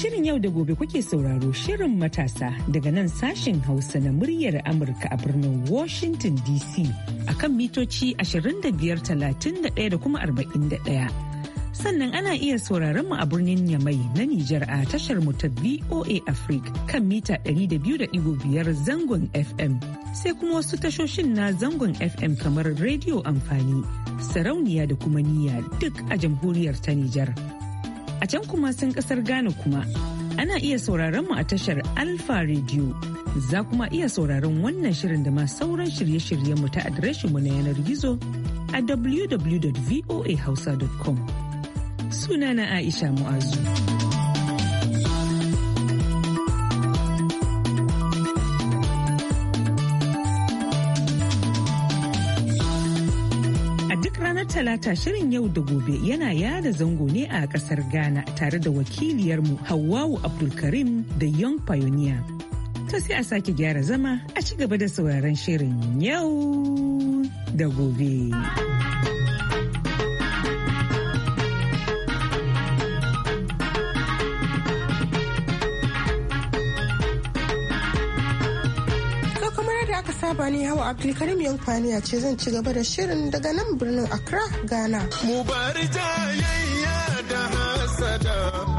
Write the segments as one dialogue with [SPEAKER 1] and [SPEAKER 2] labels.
[SPEAKER 1] Shirin yau da gobe kuke sauraro shirin matasa daga nan sashen Hausa na muryar Amurka a birnin Washington DC kan mitoci 2531 da kuma 41. Sannan ana iya sauraron mu a birnin Yamai na Nijar a tashar mu ta VOA Africa kan mita 200.5 zangon FM. Sai kuma wasu tashoshin na zangon FM kamar rediyo Amfani, Sarauniya da kuma Niyya duk a jamhuriyar ta Nijar. A can kuma sun kasar Ghana kuma ana iya sauraron mu a tashar Alpha Radio. Za kuma iya sauraron wannan shirin da ma sauran shirye shiryen mu ta adireshinmu na yanar gizo a www.voahausa.com. Sunana Aisha Mu'azu. talata shirin yau da gobe yana yada zango ne a kasar Ghana tare da wakiliyarmu Hawwawu Abdulkarim da Young Pioneer. To sai a sake gyara zama a ci gaba da sauraron shirin yau da gobe.
[SPEAKER 2] Baba ne hawa Abdulkarim Yankwaniya ce zan ci gaba da shirin daga nan birnin Accra, Ghana. mu bari
[SPEAKER 3] jayayya da hasada.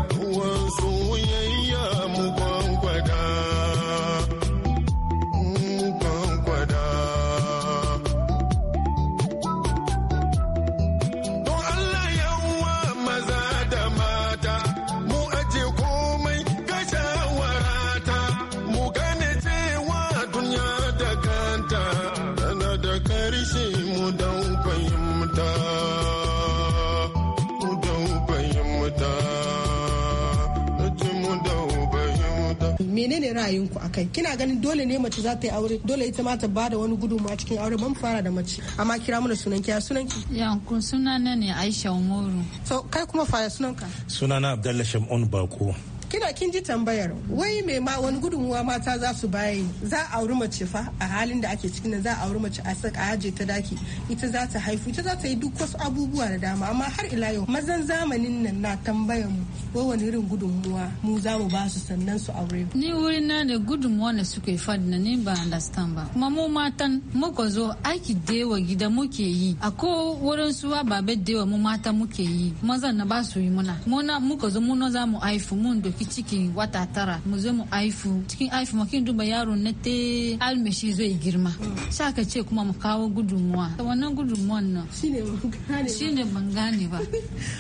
[SPEAKER 2] ra'ayinku akai kina ganin dole ne mace za ta yi aure dole ita ma ta da wani gudunmawa cikin aure ban fara da mace amma kira mana sunan ki sunan ki
[SPEAKER 4] yankun sunana ne Aisha Umaru to kai kuma fara sunan ka
[SPEAKER 5] sunana Abdallah Shamun Bako
[SPEAKER 2] kina kin ji tambayar wai mai ma wani gudunmuwa mata za su bayi za a auri mace fa a halin da ake cikin za a auri mace a saka aje ta daki ita za ta haifu ita za ta yi duk wasu abubuwa da dama amma har ila yau mazan zamanin nan na tambayar mu wai wani irin
[SPEAKER 4] gudunmuwa mu za mu ba su sannan su aure ni wurin na ne gudunmuwa ne suke fadi na ni ba understand ba kuma mu matan muka zo aiki dewa gida muke yi a ko wurin suwa babe dewa mu mata muke yi mazan na ba su yi muna muna muka zo muna za mu haifu mun doki ɗauki ciki wata tara mu zo mu aifu cikin aifu ma kin duba yaro na te almeshi zai girma sha ka ce kuma mu kawo gudunmuwa ta wannan gudunmuwan nan shine ban gane ba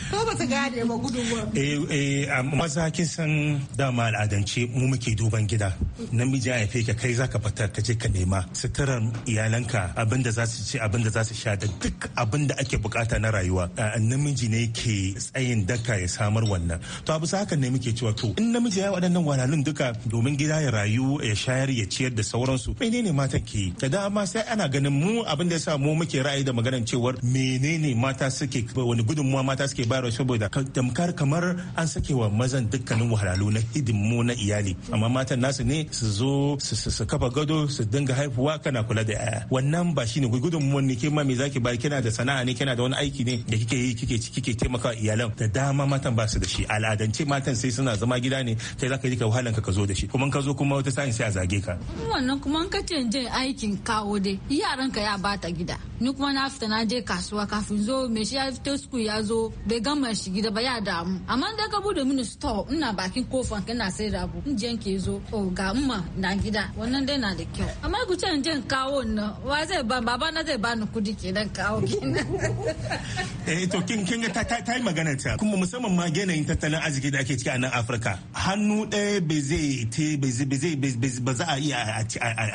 [SPEAKER 4] ko ba ta gane ba gudunmuwa
[SPEAKER 5] eh, eh maza kin san dama al'adance mu muke duban gida namiji ya haife ka kai zaka fita ka je ka nema suturar iyalanka abinda za su ci abinda za su sha da duk abinda ake bukata na rayuwa namiji ne ke tsayin daka ya samar wannan to abu haka ne muke cewa to in namiji ya waɗannan wahalhalun duka domin gida ya rayu ya shayar ya ciyar da sauransu menene mata ke da dama sai ana ganin mu abin da yasa mu muke ra'ayi da maganar cewar menene mata suke wani gudunmuwa mata suke bayarwa saboda tamkar kamar an sake wa mazan dukkanin wahalhalu na hidimmu na iyali amma matan nasu ne su zo su kafa gado su dinga haifuwa kana kula da yaya wannan ba shine gudunmuwan ne ke ma me zaki bayar kina da sana'a ne kina da wani aiki ne da kike yi kike kike taimaka iyalan da dama matan ba su da shi al'adance matan sai suna zama gida ne kai zaka yi ka wahalan ka zo da shi kuma ka zo kuma wata sa'in sai a zage ka
[SPEAKER 4] wannan kuma ka ce je aikin kawo dai yaran ka ya bata gida ni kuma na fita na je kasuwa kafin zo me shi ya fita suku ya zo bai gama shi gida ba ya damu amma da ka bude mini store ina bakin kofan kana sai rabu in je ke zo o ga umma na gida wannan dai na da kyau amma ku ce je kawo na wa zai ba baba na zai bani kudi kenan kawo kenan
[SPEAKER 5] eh to kin kin ta ta yi magana ta kuma musamman ma yanayin tattalin arziki da ake ciki a nan Afirka ƙasa hannu ɗaya ba zai ba za a iya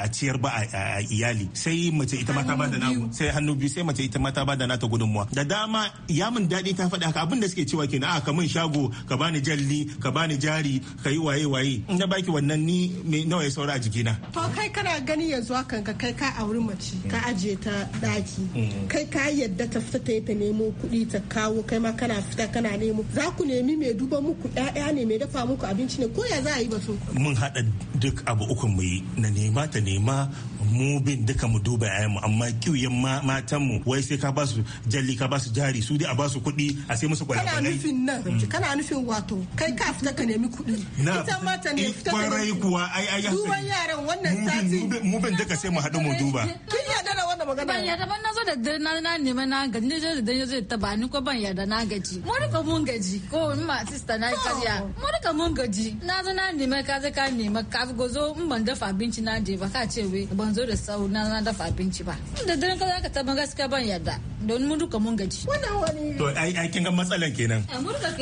[SPEAKER 5] a ciyar ba a iyali sai mace ita ma ta da na. sai hannu biyu sai mace ita ma ta na nata gudunmuwa da dama ya min daɗi ta faɗi haka abinda suke cewa kenan a ka shago ka bani jalli ka bani jari ka yi waye waye na baki wannan ni nawa ya saura a jikina.
[SPEAKER 2] to kai kana gani yanzu hakan ka kai ka auri mace ka ajiye ta ɗaki mm. kai ka yadda ta fita ta yi ta nemo kuɗi ta kawo kai ma kana fita kana nemo za ku nemi mai duba muku ɗaya ne mai dafa dafa muku abinci ne ko ya za a yi batun
[SPEAKER 5] mun haɗa duk abu uku mu yi na nema ta nema mu bin duka mu duba yayan mu amma kiwiyan matan mu wai sai ka basu jalli ka basu jari su dai a basu kuɗi a sai musu kwalaba kana nufin nan mm.
[SPEAKER 2] kana nufin wato kai ka fita ka nemi kuɗi ita ma ta ne fita ka nemi
[SPEAKER 5] kuwa ai ai duban yaran
[SPEAKER 2] wannan sati
[SPEAKER 5] mu bin duka sai mu haɗu mu duba
[SPEAKER 4] kin yarda da wannan magana ban yarda ban nazo da na na nema na gaji ne da dan yazo ta ba ni ko ban yarda na gaji mu rika mun gaji ko in ma sista na karya oh. mu rika duka mun gaji na zo na nema ka zo ka nema ka gozo in ban dafa abinci na je ba ka ce we ban zo da sau na na dafa abinci ba da dare ka zaka taba gaskiya ban yarda don mun duka mun
[SPEAKER 5] gaji wannan wani to ai ai kin matsalan kenan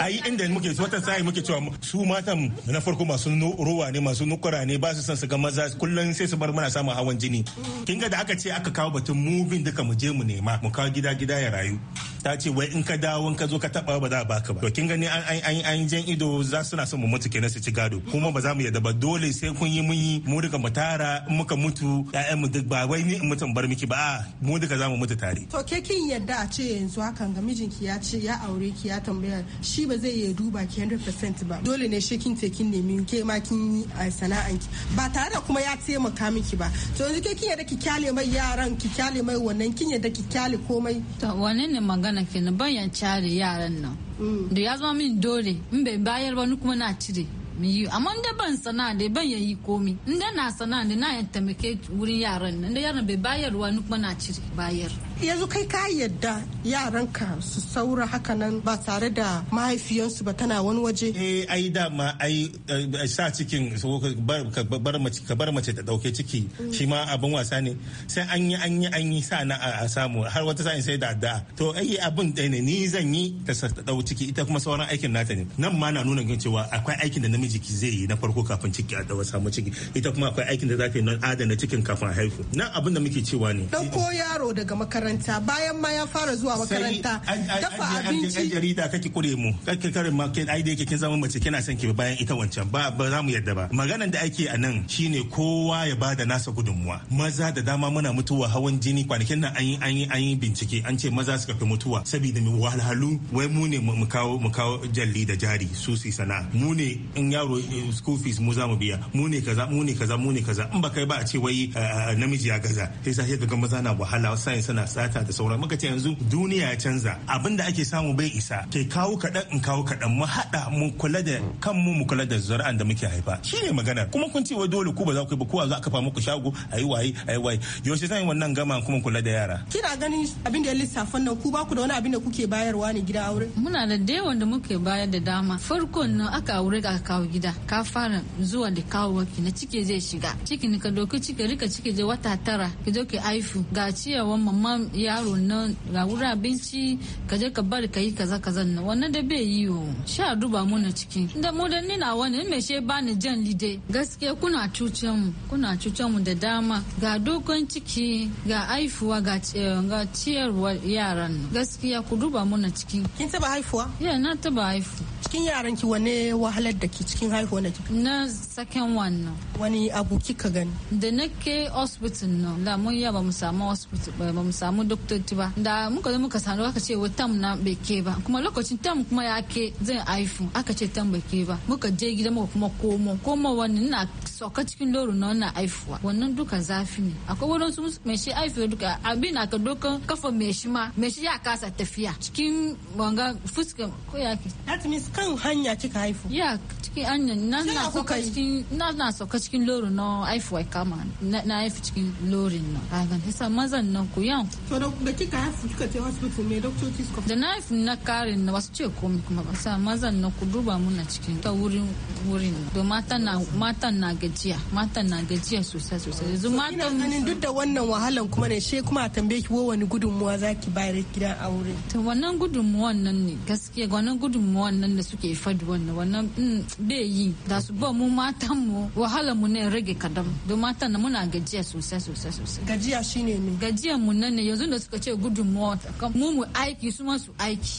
[SPEAKER 5] ai inda muke ta sai muke cewa su matan na farko masu ruwa ne masu nukura ne ba su san su ga maza kullun sai su bar muna samun hawan jini kinga da aka ce aka kawo batun moving duka mu je mu nema mu kawo gida gida ya rayu ta ce wai in ka dawo in ka zo ka taba ba za a baka ba to kin gani an an jan ido za su na son mu mutu kenan su ci gado kuma ba za mu yadda ba dole sai kun yi mun yi mu duka mu tara in muka mutu ƴaƴan mu duk ba wai ni in mutum bar miki ba a mu duka za mu mutu tare
[SPEAKER 2] to ke kin yadda a ce yanzu hakan ga mijinki ya ce ya aure ki ya tambaya shi ba zai iya duba ki 100% ba dole ne shi kin kin nemi ke ma kin yi eh, sana'anki ba tare da kuma ya taimaka miki ba
[SPEAKER 4] to yanzu ke kin yadda ki kyale mai yaran ki kyale mai wannan kin yadda ki kyale komai to wannan ne magana na kenan ban yan care yaran nan mm. da ya zama min dole in bai bayar ba ni kuma na cire mu yi amma inda ban sana da ban yayi komi in na sana da na yanta taimake wurin yaran nan da yaran bai bayarwa ni kuma na cire bayar yanzu kai ka yadda
[SPEAKER 2] yaranka su saura hakanan ba tare da mahaifiyansu ba tana wani waje eh
[SPEAKER 5] ai ma ai eh, sa cikin ka bar mace ta dauke ciki shi ma abin wasa ne sai an yi an yi an yi sa na a samu har wata sa'in sai da da to ai abin da ne ni zan yi ta dau ciki ita kuma sauran aikin nata ne nan ma na nuna gan cewa akwai aikin da namiji ki zai yi na farko kafin ciki a dawa samu ciki ita kuma akwai aikin da za ta yi na adana cikin kafin haihu nan abin da muke cewa ne dauko
[SPEAKER 2] yaro daga makaranta makaranta bayan ma ya fara zuwa makaranta
[SPEAKER 5] dafa abinci ai jarida kake kure mu kake kare ma kai ai dai kin zama mace kina son ki bayan ita wancan ba ba za mu yadda ba maganan da ake a nan shine kowa ya bada nasa gudunmuwa maza da dama muna mutuwa hawan jini kwanakin nan an yi an yi an yi bincike an ce maza suka fi mutuwa saboda mu wahalhalu wai mu ne mu kawo mu kawo jalli da jari su su sana mu ne in yaro eh, school fees mu za mu biya mu ne kaza mu ne kaza mu ne kaza in ba kai ba a ce wai eh, eh, namiji ya gaza sai sai ga maza na wahala sai suna sata da sauran muka ce yanzu duniya ya canza abin da ake samu bai isa ke kawo kaɗan in kawo kaɗan mu haɗa mu kula da kanmu mu kula da zuri'an da muke haifa shi ne magana kuma kun ce wai dole ku ba za ku yi ba ko za ka fa muku shago ayi waye ayi waye yaushe zan yi wannan gama kuma kula da yara
[SPEAKER 4] kina ganin abin da ya lissafan nan ku ba ku da wani abin da kuke bayarwa ne gida aure muna da da yawan da muke bayar da dama farkon nan aka aure ka kawo gida ka fara zuwa da kawo waki na ciki zai shiga ciki ka doki ciki rika ciki je wata tara ki doki aifu ga ciyawan mamman yaro nan ga wuri abinci ka je ka bari ka yi kaza kaza na wannan da bai yi o sha duba na ciki da mu da ni na wani me she ba ni jan lide gaskiya kuna cucen mu kuna cucen mu da dama ga dokon ciki ga haifuwa ga ciyarwa yaran gaskiya ku duba na ciki kin taba haifuwa ya na taba haifu cikin yaran ki wane wahalar da ke cikin haihuwa na na second one wani abu kika gani da nake hospital no da mun ya ba mu samu hospital ba mu samu doctor ba da muka zo muka sanu aka ce tam na bai ke ba kuma lokacin tam kuma ya ke zan haifu aka ce tam bai ke ba muka je gida muka kuma komo komo wani na sauka cikin loro na wannan haifuwa wannan duka zafi ne akwai wani su mai shi haifuwa duka abin aka dokan kafa mai shi ma mai shi ya kasa tafiya cikin wanga fuska ko ya ke that means kan hanya cika haifu ya cikin hanya na na na sauka cikin lori na haifuwa kama na haifu cikin lorin na A ga nisa mazan nan ku yau. to da kika haifu kika je hospital me doctors ko da na haifu na karin na wasu ce komi kuma ba sa mazan nan ku duba muna cikin ta wurin wurin do mata na mata na gajiya mata na gajiya sosai sosai yanzu mata
[SPEAKER 2] Ina duk da wannan wahalan kuma ne she kuma a tambaye ki wani gudunmuwa zaki bayar gidan aure
[SPEAKER 4] to wannan gudunmuwan nan ne gaskiya wannan gudunmuwan nan da suke fadi wannan wannan mm, bai yi da su ba mu matan mu wahala mu ne rage kadam don matan na muna gajiya sosai sosai sosai gajiya shine ne gajiya mu nan ne yanzu da suka ce gudunmuwa mu mu aiki su ma su aiki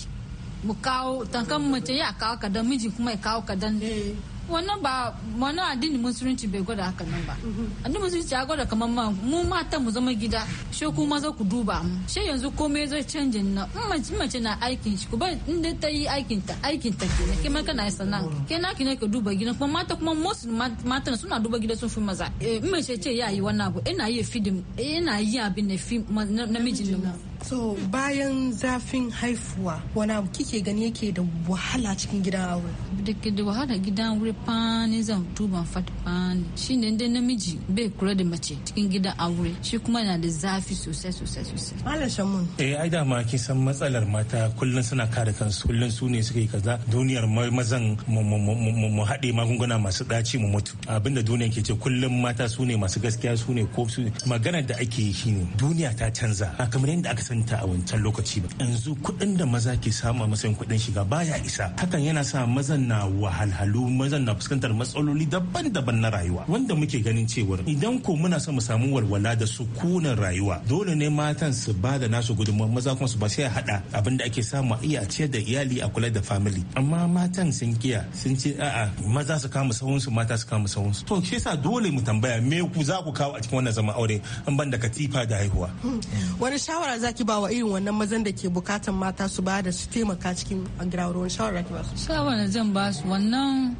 [SPEAKER 4] mu kawo tankan mace ya kawo kadan miji kuma ya kawo kadan eh. wannan ba wani addini musulunci bai gwada haka nan ba addini musulunci ya gwada kamar ma mu mata mu zama gida she ku maza ku duba mu shi yanzu komai zai canja na in mace na aikin shi ku bar inda ta yi aikin ta aikin ta kenan kai ma kana yi sana'a kai na kina ka duba gidan kuma mata kuma most mata suna duba gida sun fi maza in mace ce ya yi wannan abu ina yi fidim ina yi abin na namijin na
[SPEAKER 2] so bayan zafin haifuwa wani abu kike gani yake da
[SPEAKER 4] wahala cikin gidan aure da ke da wahala gidan wuri fani zan tuba fat fani ne dai namiji bai kula da mace cikin gidan aure shi kuma yana da zafi sosai sosai sosai malam shamun
[SPEAKER 5] eh ai da ma kin san matsalar mata kullun suna kare kansu kullun su ne suke kaza duniyar mazan mu haɗe magunguna masu ɗaci mu mutu abinda duniya ke ce kullum mata su ne masu gaskiya su ne ko su magana da ake yi ne duniya ta canza kamar yadda aka san kanta a wancan lokaci ba yanzu kuɗin da maza ke samu a matsayin kuɗin shiga baya isa hakan yana sa mazan na wahalhalu mazan na fuskantar matsaloli daban-daban na rayuwa wanda muke ganin cewar idan ko muna son mu samu walwala da sukunan rayuwa dole ne matan su ba da nasu gudunmawar maza kuma su ba sai haɗa abin da ake samu a iya ciyar da iyali a kula da family amma matan sun kiya sun ce a'a maza su kama sahun mata su kama sahun to shi yasa dole mu tambaya me ku za ku kawo a cikin wannan zama aure in ban da katifa da haihuwa
[SPEAKER 2] hmm. wani shawara zaki ba wa irin wannan mazan da ke bukatan mata su ba da su taimaka cikin agirawarwar shawara ki ba su
[SPEAKER 4] shawara zan ba su wannan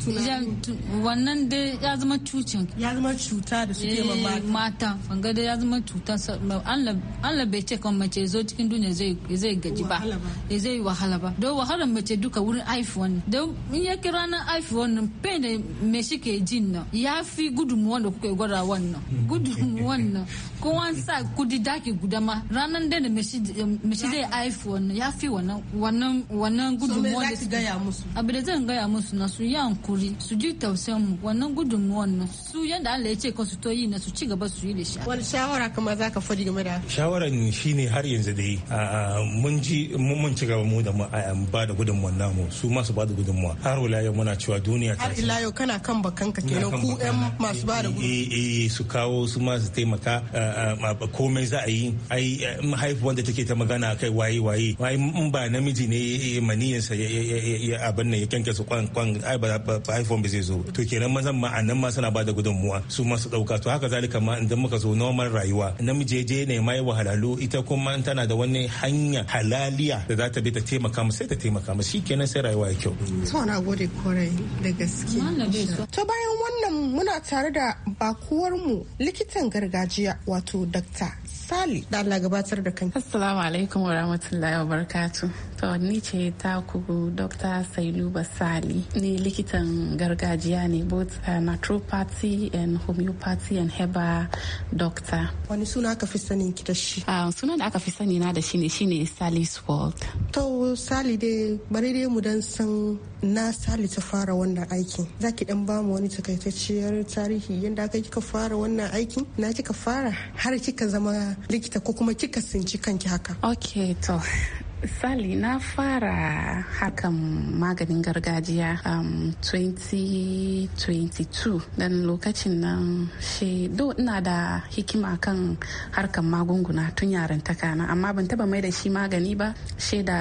[SPEAKER 4] wannan da ya zama cucin ya zama cuta da su taimaka eh, mata fanga da ya zama cuta Allah bai ce kan mace zo cikin duniya zai gaji ba zai wahala ba don wahalar mace duka wurin haifuwan wannan don in ya kira na haifuwan nan pain da me shi ke jin nan ya fi gudunmuwan da kuka gwada wannan gudunmuwan nan kowa sa kudi daki guda ma ranar da me mace zai haifu wannan ya fi wannan gudunmuwan da su gaya musu abu da zan gaya musu na su yi hankuri su ji tausayin mu wannan gudunmuwan na su yadda Allah ya ce ka su to yi na su ci gaba su yi da shi wani shawara kuma za ka fadi game da
[SPEAKER 5] shawaran ne har yanzu yi mun ji mun ci gaba mu da ba da gudunmuwan namu su masu ba da gudunmuwa har wala yau muna cewa duniya ta har ila
[SPEAKER 2] yau kana kan bakan ka kenan ku ɗan masu ba
[SPEAKER 5] da gudunmuwa eh, eh, eh, su kawo su ma su taimaka komai za a yi ai mahaifuwan wanda take ta magana kai waye waye waye in ba namiji ne eh, maniyinsa ya abin nan ya kyankyasa su kwan kwan ai ba iphone ba zai zo to kenan mazan ma anan ma suna bada gudunmuwa su ma su dauka to haka zalika ma idan muka zo normal rayuwa namiji je ne mai wahalalu ita kuma tana da wani hanya halaliya da za ta bi ta taimaka mu sai ta taimaka mu kenan sai rayuwa ya kyau
[SPEAKER 2] to na gode kwarai da gaske to bayan wannan muna tare da bakuwar mu likitan gargajiya
[SPEAKER 6] wato dakta Sali da Allah gabatar da kanki. Assalamu alaikum wa rahmatullahi wa barakatu. To ni ce ta ku Dr. Sailu Basali. Ni likitan gargajiya ne both uh, naturopathy and homeopathy and heba doctor. Wani suna aka fi sanin ki da shi? Uh, sunan da aka fi sani na da shi ne shine salis World.
[SPEAKER 2] To farko sali dai bari dai mu dan san na sali ta fara wannan aiki za ki dan ba mu wani takaitacciyar tarihi yadda aka kika fara wannan aikin na kika fara har
[SPEAKER 6] kika zama likita ko kuma kika sinci kanki haka ok to misali na fara hakan maganin gargajiya um, 2022 dan lokacin nan shi do ina da hikima kan harkan magunguna tun yaren takana amma ban taba mai da shi magani ba shi da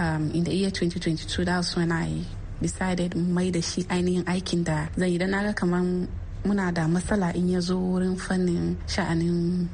[SPEAKER 6] um, in the year 2022 da when I decided mai da shi ainihin aikin da zai yi da na ga kamar muna da matsala in ya zo wurin fannin sha'anin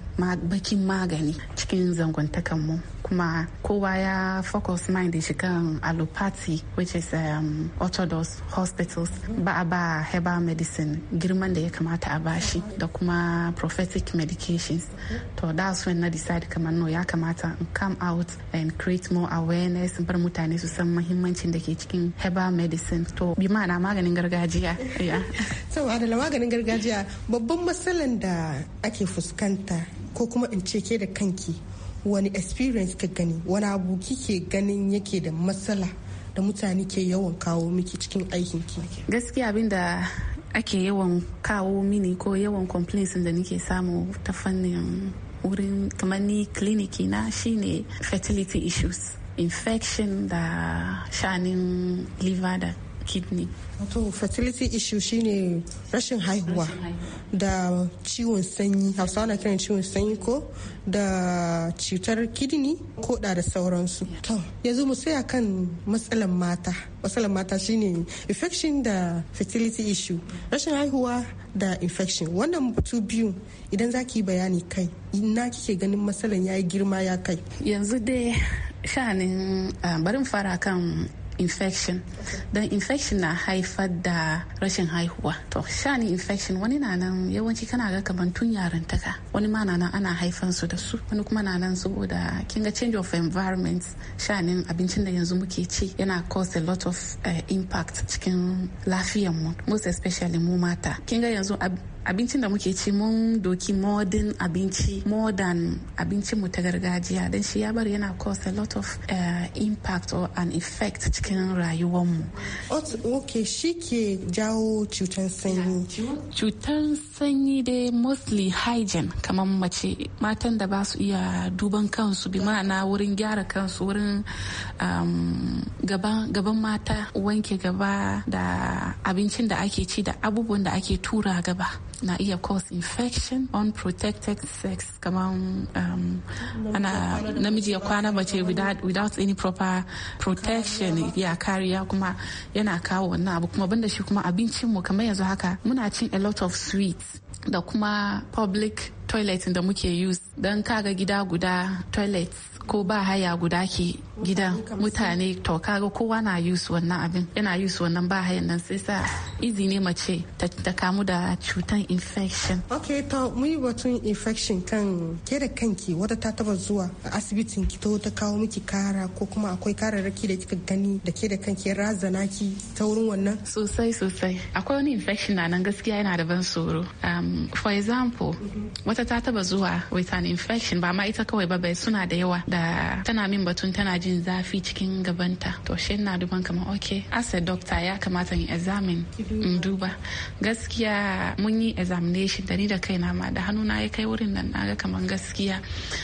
[SPEAKER 6] bakin magani cikin zangontakanmu kuma kowa ya focus mind shi kan allopathy which is um, orthodox hospitals ba a ba herbal medicine girman da ya kamata a bashi da kuma prophetic medications to that's when na decide kamar no ya kamata in come out and create more awareness bar mutane su san mahimmancin da ke cikin herbal medicine to bi ma'ana maganin gargajiya so adala maganin gargajiya babban matsalan da ake fuskanta
[SPEAKER 2] ko kuma in ce ke da kanki wani experience ka gani wani abu kike ganin yake da matsala da mutane ke yawan kawo miki cikin aikin ki
[SPEAKER 6] gaskiya abin da ake yawan kawo mini ko yawan complaints da nake samu ta fannin wurin kamar ni kliniki na shine fertility issues infection da shanin liver da kidney to fertility
[SPEAKER 2] issue shine rashin haihuwa da ciwon sanyi hausawa na kiran ciwon sanyi ko da cutar kidney ko da da sauransu to yanzu mu sai kan matsalan mata matsalan mata shine infection da fertility issue rashin haihuwa da infection wannan batu biyu idan za ki bayani
[SPEAKER 6] kai na kike ganin matsalan ya yi girma ya kai yanzu dai shanin ah, barin fara kan infection don infection na haifar da rashin haihuwa to shani infection wani na nan yawanci kana ga kamar tun yarantaka wani ma na nan ana haifan su da su wani kuma na nan saboda kinga ga change of environment shanin abincin da yanzu muke ci yana cause a lot of uh, impact cikin lafiyar mu most especially mu mata kin ga yanzu abincin da muke ci mun doki modern abinci modern abincin mu ta gargajiya don shi ya bar yana cause a lot of uh, impact or an effect cikin rayuwar mu. ok shi ke jawo cutar sanyi cutar sanyi dai mostly hygiene kamar mace matan da ba su iya duban kansu bi ma'ana wurin gyara kansu wurin um, gaban mata wanke gaba da abincin da ake ci da abubuwan da ake tura gaba na iya cause infection unprotected sex kamar um, ana namiji ya kwana mace without, without any proper protection ya kariya kuma yana kawo wannan abu kuma banda shi kuma abincinmu kamar yanzu haka muna cin a lot of sweets da kuma public toilet da muke use don kaga gida guda toilet ko ba haya guda ke gida mutane to kaga kowa na use wannan abin yana use wannan ba hayan nan sai sa izi ne mace ta kamu da cutan infection
[SPEAKER 2] ok to mu yi batun infection kan ke da kanki wata ta taba zuwa asibitin ki to ta kawo miki kara ko kuma
[SPEAKER 6] akwai kararraki da kika gani da ke da kanki razana ki ta wurin wannan sosai sosai akwai wani infection na nan gaskiya yana da ban tsoro um, for example mhm. wata ta taba zuwa with an infection ba ma ita kawai ba bai suna da yawa da tana min batun tana jin zafi cikin gabanta to shi na duban kamar ok as a doctor ya kamata in examine in duba gaskiya mun yi examination da ni da kaina ma da hannuna ya kai wurin nan naga kamar gaskiya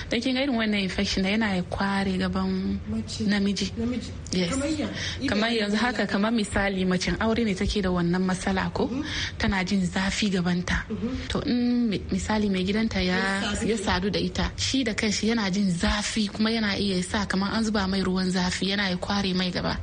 [SPEAKER 6] da kin ga irin wannan infection da yana ya kware gaban namiji yes kamar yanzu haka kamar misali macen aure ne take da wannan matsala ko mm-hmm. tana jin zafi gabanta mm-hmm. to in misali mai gidanta ya sadu da ita shi da kanshi yana jin zafi kuma yana iya sa kamar an zuba mai ruwan zafi yana ya kware mai gaba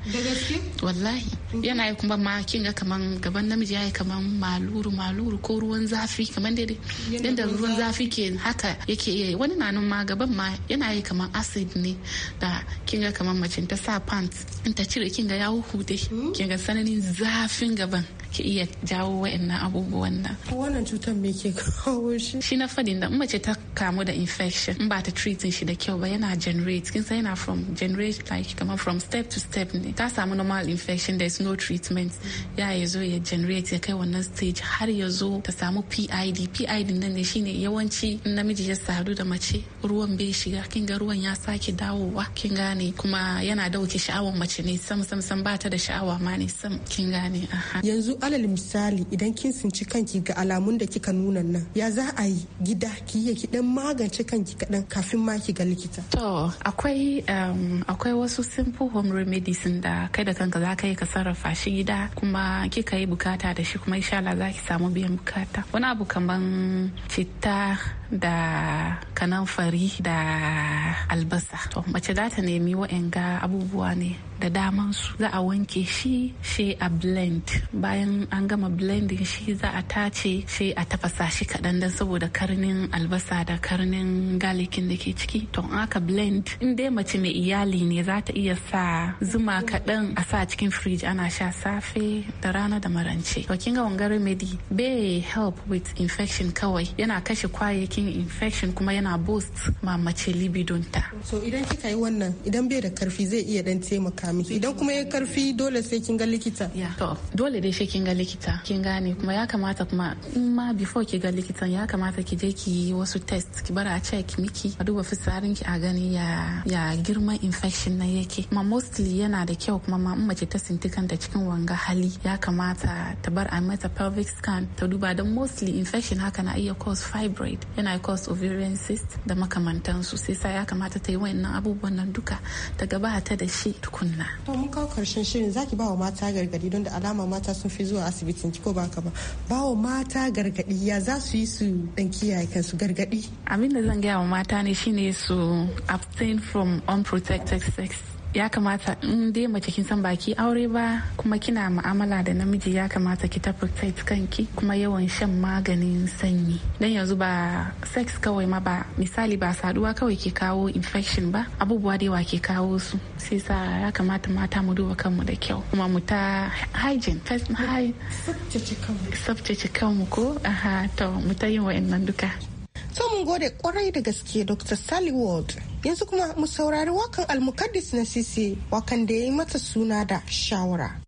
[SPEAKER 6] wallahi mhm. yana yi kuma ma ga kaman gaban namiji yayi kaman maluru maluru ko ruwan zafi kaman dai yadda ruwan zafi ke haka yake iya wani na nan ma gaban ma yana yi kamar acid ne da kin ga kaman mace ta sa pants in ta cire kin ga ya hude mhm. kin ga sananin zafin gaban ke iya jawo wa'annan abubuwan nan wannan cutar me ke kawo shi shi na fadin da mace ta kamu da infection in ba ta treating shi da kyau ba yana generate kin san yana from generate like kamar from step to step ne ta samu normal infection there is no treatment ya ya zo ya generate ya kai wannan stage har ya zo ta samu PID PID nan ne shine yawanci namiji ya sadu da mace ruwan bai shiga kin ga ruwan ya sake dawowa kin gane kuma yana dauke sha'awar mace ne sam sam sam ba ta da sha'awa ma ne sam kin gane yanzu alal misali idan kin sinci kanki ga alamun da kika nuna nan ya za a yi gida ki yi ki dan magance kanki kadan kafin ma ki ga likita to akwai um, akwai wasu simple home remedies da kai da kanka za ka yi ka sarrafa shi gida kuma kika yi bukata da shi kuma insha za ki samu biyan bukata. Wani abu kaman citta da kanamfari da albasa to mace za ta nemi wayanga abubuwa ne da daman su za a wanke shi shi a blend bayan an gama blendin shi za a tace shi a tafasa shi kaɗan don saboda karnin albasa da karnin galikin da ke ciki to aka blend in dai mace mai iyali ne za ta iya sa zuma kaɗan a sa cikin fridge ana sha safe da rana da marance to kinga wangar remedy bai help with infection kawai yana kashe kwayayyakin in infection kuma yana boost ma mace ta.
[SPEAKER 2] so idan kika yi wannan idan bai da karfi zai iya dan taimaka miki idan kuma ya karfi dole sai kin ga likita ya to
[SPEAKER 6] dole dai sai kin ga likita kin gane kuma ya kamata kuma in ma before ki ga likitan ya kamata ki je ki yi wasu test ki bara a check miki a duba fitsarin ki a gani ya ya girman infection na yake ma mostly yana da kyau kuma ma in mace ta sinti kanta cikin wanga hali ya kamata ta bar a mata pelvic scan ta duba don mostly infection haka na iya cause fibroid yana ya ovarian cyst da makamantansu sai sa ya kamata ta yi wayannan abubuwan nan duka ta gabata da shi tukunna.
[SPEAKER 2] To mun kawo karshen shirin zaki ba wa mata gargadi don da alama mata sun fi zuwa asibitin ki ko
[SPEAKER 6] ba ka ba. Ba wa mata gargadi ya za su yi su dan kiyaye kansu gargadi. Abin da zan gaya wa mata ne shine su abstain from unprotected sex ya kamata in dai mace kin san baki aure ba kuma kina mu'amala da namiji ya kamata ki tafi kanki kuma yawan shan maganin sanyi dan yanzu ba sex kawai ma ba misali ba saduwa kawai ke kawo infection ba abubuwa da yawa ke kawo su sai sa ya kamata mata mu duba kanmu da kyau kuma mu ta hygiene first hygiene tsaftace kanmu ko aha to mu ta yin wa'annan duka to mun gode
[SPEAKER 2] kwarai da gaske dr sally ward yanzu kuma mu saurari wakan almukaddis na sisi wakan da ya yi mata suna da shawara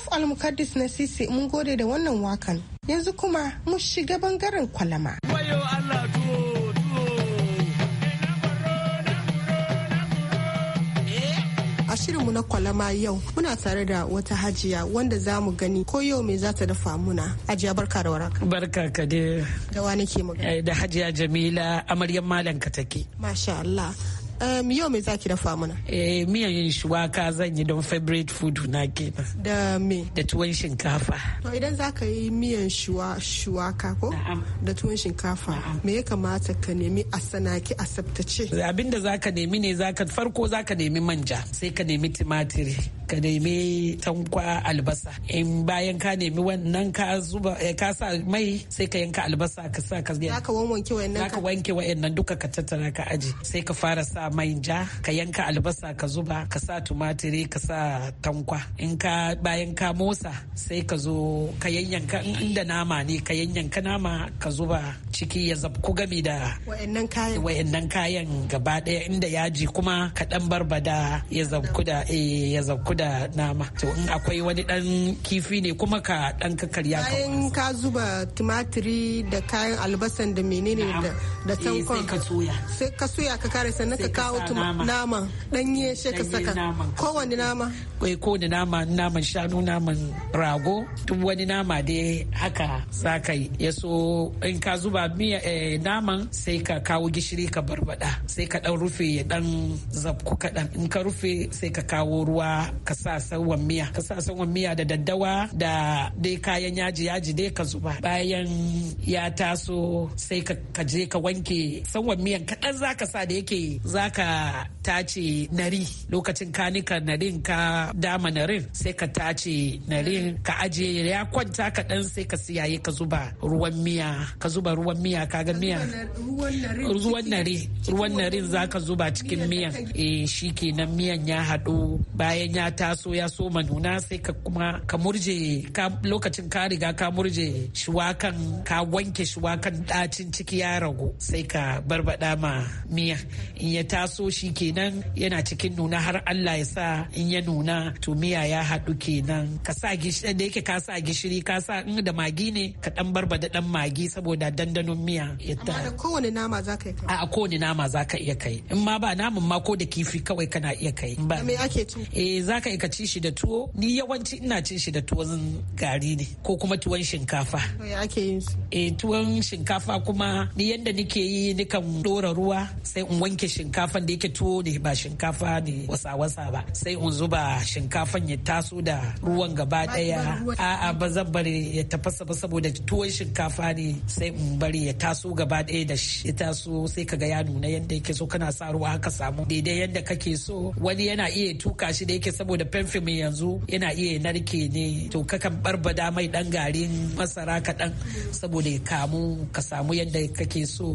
[SPEAKER 2] Prof Almukadis na Sisi mun gode da wannan wakan. Yanzu kuma mun shiga bangaren kwalama. a shirinmu na kwalama yau muna tare da wata hajiya wanda za mu gani ko yau me za ta dafa muna
[SPEAKER 7] Ajiya barka da waraka barka ka da da nake magana eh, da hajiya jamila amaryan malam ka take masha Allah Um,
[SPEAKER 2] yau me zaki dafa mana
[SPEAKER 7] eh miyan shuwaka zan yi don favorite food na kenan da me da tuwon shinkafa
[SPEAKER 2] to idan zaka yi miyan shuwaka ko da tuwon shinkafa me ya kamata ka nemi a sanaki a tsaftace
[SPEAKER 7] abinda zaka nemi ne zaka farko zaka nemi manja sai ka nemi tumatir ka nemi tankwa albasa in bayan ka nemi wannan ka zuba eh, ka sa mai sai ka yanka albasa ka sa ka zaka wanke wayannan ka wanke wayannan duka ka tattara ka aji sai ka fara sa manja ka yanka albasa ka zuba ka sa tumatiri ka sa tankwa in ka bayan ka motsa sai ka zo ka yanyanka inda nama ne ka yanyanka nama ka zuba ciki ya zabku gami da wayannan kayan gaba daya inda yaji kuma ka dan barbada ya zabku da eh, ya zabku da nama to in akwai wani dan kifi ne kuma ka dan kakarya ka bayan
[SPEAKER 2] ka zuba tumatiri da kayan albasan da menene
[SPEAKER 7] da eh, sai ka
[SPEAKER 2] soya sai ka soya ka kare sannan ka kawo nama danye shi ka saka
[SPEAKER 7] kowane nama kai ko da nama naman shanu naman rago duk wani nama dai haka za ka ya so in ka zuba miya eh, naman sai ka kawo gishiri ka barbada sai ka dan rufe ya dan zabku kaɗan in ka rufe sai ka kawo ruwa ka sa sawan miya ka sa sawan miya da daddawa da dai kayan yaji yaji dai ka zuba bayan ya taso sai ka je ka wanke sawan miyan kaɗan za ka sa da yake za aka tace nari lokacin ka narin ka dama narin sai ka tace narin ka aje ya kwanta ka dan sai ka siyaye ka zuba ruwan miya ka zuba ruwan miya ka miya ruwan nari ruwan narin za ka zuba cikin miyan eh nan miyan ya haɗu bayan ya taso ya so manuna sai ka kuma ka murje lokacin ka riga ka murje shuwakan ka wanke shuwakan ɗacin ciki ya ragu sai ka barbada ma miya in ya taso shi kenan yana cikin nuna har Allah ya sa in ya nuna to miya ya haɗu kenan ka sa gishiri da yake ka sa gishiri ka sa in da magi ne ka dan barbada dan magi saboda dandanon miya amma da
[SPEAKER 2] kowane nama za ka kai
[SPEAKER 7] a kowane nama za ka iya kai in ma ba naman ma ko da kifi kawai kana iya kai ba me ake ci eh za ka iya ci shi da tuwo ni yawanci ina cin shi da tuwon gari ne ko kuma tuwon shinkafa me ake yin su eh tuwon shinkafa kuma ni yanda nike yi nikan dora ruwa sai in wanke shinkafa shinkafan da yake tuwo ne ba shinkafa ne wasa-wasa ba sai in zuba shinkafan ya taso da ruwan gaba daya a'a ba zan bari ya tafasa ba saboda tuwon shinkafa ne sai in bari ya taso gaba daya da ya taso sai kaga ya nuna yadda yake so kana sa ruwa ka samu daidai yadda kake so wani yana iya tuka shi da yake saboda mai yanzu yana iya narke ne to kakan barbada mai dan garin masara kaɗan saboda ya kamu ka samu yadda kake so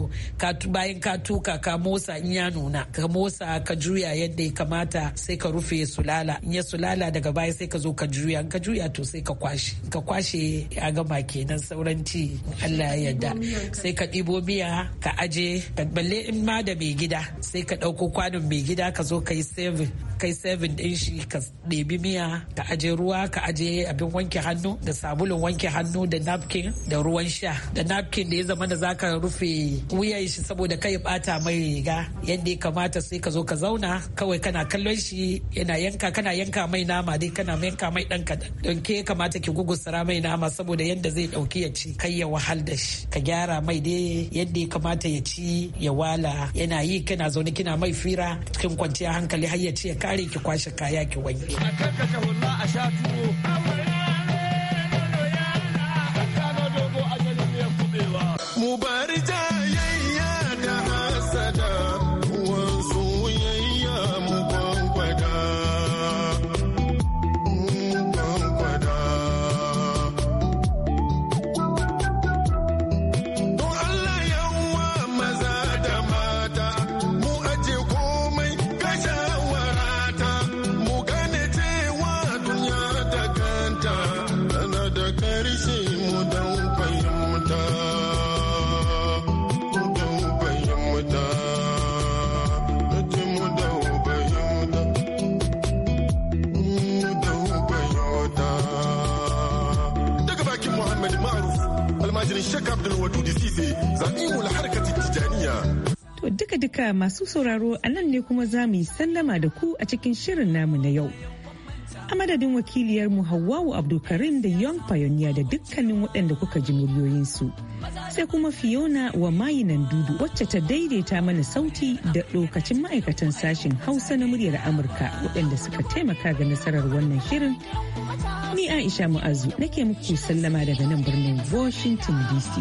[SPEAKER 7] bayan ka tuka ka motsa in ya nuna kwana ka motsa ka juya yadda ya kamata sai ka rufe sulala in ya sulala daga baya sai ka zo ka juya in ka juya to sai ka kwashe ka kwashe ya gama kenan sauran ci Allah ya yarda sai ka ɗibo miya ka aje balle in ma da mai gida sai ka ɗauko kwanon mai gida ka zo ka yi kai seven ɗin shi ka ɗebi miya ka aje ruwa ka aje abin wanke hannu da sabulun wanke hannu da napkin da ruwan sha da napkin da ya zama da zaka rufe wuyan shi saboda kai bata mai riga yadda ya kamata sai ka zo ka zauna kawai kana kallon shi yana yanka kana yanka mai nama dai kana yanka mai dan kadan don ke kamata ki gugusara mai nama saboda yadda zai ɗauki ya ci kai ya wahal da shi ka gyara mai dai yadda ya kamata ya ci ya wala yana yi kana zaune kina mai fira cikin kwanciya hankali har ya ci ya kare ki kwashe kaya ki wanke.
[SPEAKER 1] haka masu sauraro a nan ne kuma za mu yi sallama da ku a cikin shirin namu na yau. A madadin wakiliyar mu Hawwawu Abdulkarim da Young Pioneer da dukkanin waɗanda kuka ji muryoyinsu. Sai kuma Fiona wa mayinan dudu wacce ta daidaita mana sauti da lokacin ma'aikatan sashen Hausa na muryar Amurka waɗanda suka taimaka ga nasarar wannan shirin. Ni Aisha Mu'azu nake muku sallama daga nan birnin Washington DC.